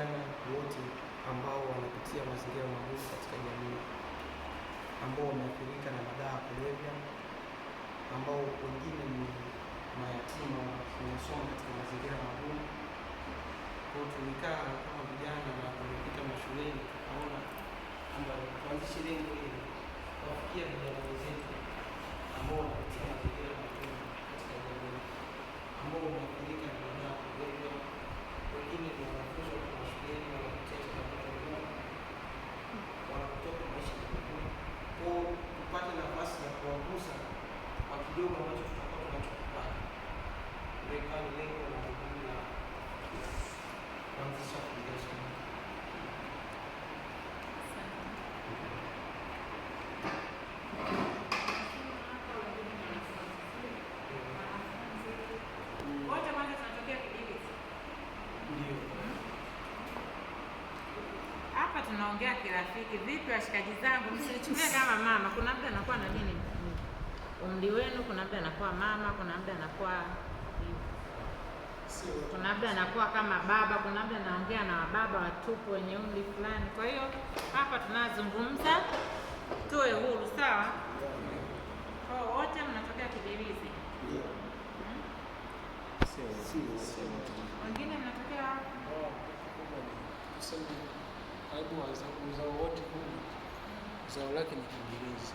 vijana wote ambao wanapitia mazingira magumu katika jamii, ambao wameathirika na madawa ya kulevya, ambao wengine ni mayatima wanasoma katika mazingira magumu. Kwa tulikaa kama vijana na tumepita mashuleni, tukaona kwamba tuanzishe lengo hili kuwafikia vijana wenzetu kidogo ambacho tutakuwa tunachokipata. Weka lengo la jukumu la kuanzisha foundation. Hapa tunaongea kirafiki. Vipi washikaji zangu, msinichukulie kama mama, kuna mtu anakuwa na nini umri wenu, kuna mda anakuwa mama, kuna mda anakuwa kuna labda anakuwa kama baba, kuna labda anaongea na wababa watupu wenye umri fulani. Kwa hiyo hapa tunazungumza, tuwe huru, sawa? Kwa wote mnatokea Kibirizi, wengine mnatokea zao lake ni Kibirizi.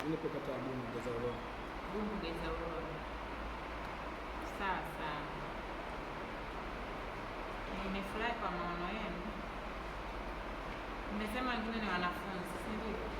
Niko kata ya Bumu Gezauloni. Bumu sawa sawa. Nimefurahi kwa maono yenu, mmesema wengine ni wanafunzi, si ndio?